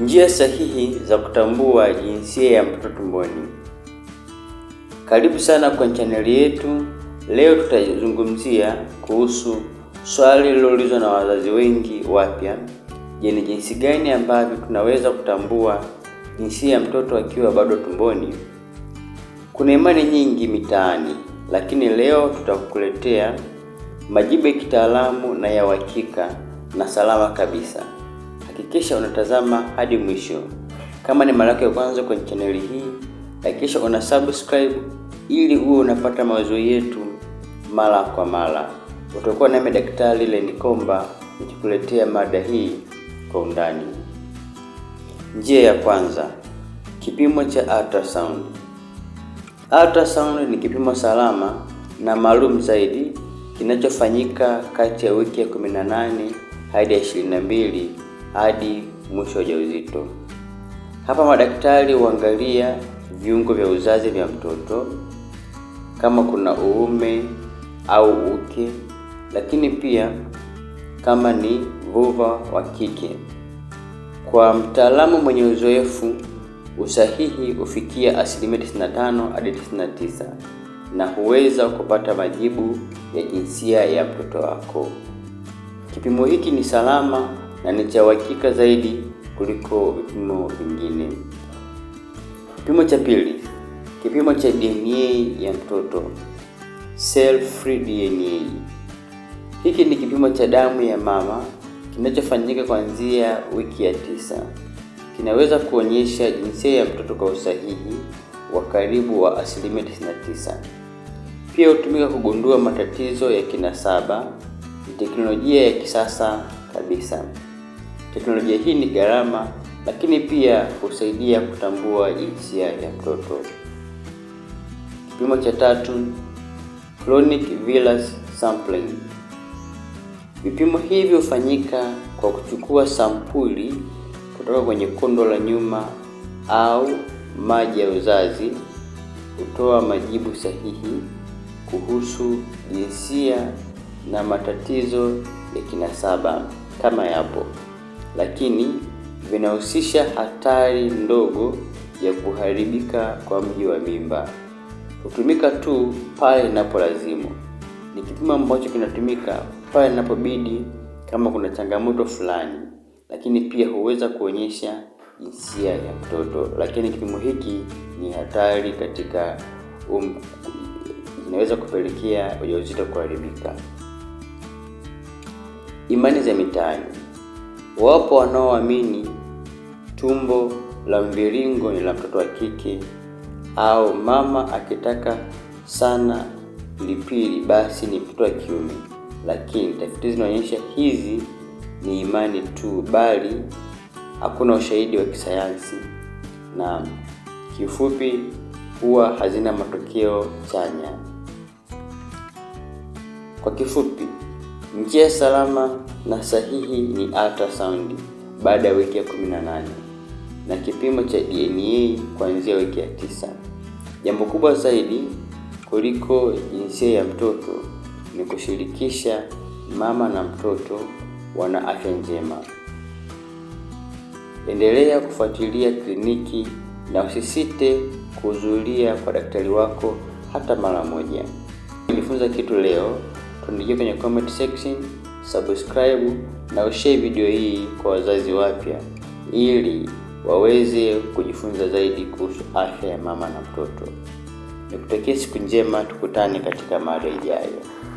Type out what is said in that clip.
Njia sahihi za kutambua jinsia ya mtoto tumboni. Karibu sana kwenye chaneli yetu. Leo tutazungumzia kuhusu swali lililoulizwa na wazazi wengi wapya. Je, ni jinsi gani ambavyo tunaweza kutambua jinsia ya mtoto akiwa bado tumboni? Kuna imani nyingi mitaani, lakini leo tutakuletea majibu ya kitaalamu na ya uhakika na salama kabisa hakikisha unatazama hadi mwisho. Kama ni mara yako ya kwanza kwenye chaneli hii, hakikisha una subscribe ili uwe unapata mawazo yetu mara kwa mara. Utakuwa nami Daktari Lenikomba nikikuletea mada hii kwa undani. Njia ya kwanza, kipimo cha ultrasound. Ultrasound ni kipimo salama na maalum zaidi kinachofanyika kati ya wiki ya 18 hadi ya 22 hadi mwisho wa ujauzito. Hapa madaktari huangalia viungo vya uzazi vya mtoto kama kuna uume au uke, lakini pia kama ni vuva wa kike. Kwa mtaalamu mwenye uzoefu, usahihi hufikia asilimia 95 hadi 99 na huweza kupata majibu ya jinsia ya mtoto wako. Kipimo hiki ni salama na ni cha uhakika zaidi kuliko vipimo vingine. Kipimo cha pili, kipimo cha DNA ya mtoto cell-free DNA. Hiki ni kipimo cha damu ya mama kinachofanyika kuanzia wiki ya tisa. Kinaweza kuonyesha jinsia ya mtoto kwa usahihi wa karibu wa asilimia 99. Pia hutumika kugundua matatizo ya kinasaba. Ni teknolojia ya kisasa kabisa. Teknolojia hii ni gharama, lakini pia husaidia kutambua jinsia ya mtoto. Kipimo cha tatu, chronic villus sampling. Vipimo hivi hufanyika kwa kuchukua sampuli kutoka kwenye kondo la nyuma au maji ya uzazi kutoa majibu sahihi kuhusu jinsia na matatizo ya kinasaba kama yapo lakini vinahusisha hatari ndogo ya kuharibika kwa mji wa mimba. Hutumika tu pale inapo lazimu Ni kipimo ambacho kinatumika pale inapobidi kama kuna changamoto fulani, lakini pia huweza kuonyesha jinsia ya mtoto. Lakini kipimo hiki ni hatari katika um, inaweza kupelekea ujauzito kuharibika. Imani za mitaani. Wapo wanaoamini tumbo la mviringo ni la mtoto wa kike au mama akitaka sana pilipili basi ni mtoto wa kiume, lakini tafiti zinaonyesha hizi ni imani tu, bali hakuna ushahidi wa kisayansi na kifupi huwa hazina matokeo chanya. Kwa kifupi, njia salama na sahihi ni ultrasound baada ya wiki ya 18 na kipimo cha DNA kuanzia wiki ya tisa. Jambo kubwa zaidi kuliko jinsia ya mtoto ni kushirikisha mama na mtoto wana afya njema. Endelea kufuatilia kliniki na usisite kuhudhuria kwa daktari wako hata mara moja. Ujifunza kitu leo, tuandikie kwenye comment section subscribe na ushare video hii kwa wazazi wapya ili waweze kujifunza zaidi kuhusu afya ya mama na mtoto. Nikutakia siku njema, tukutane katika mada ijayo.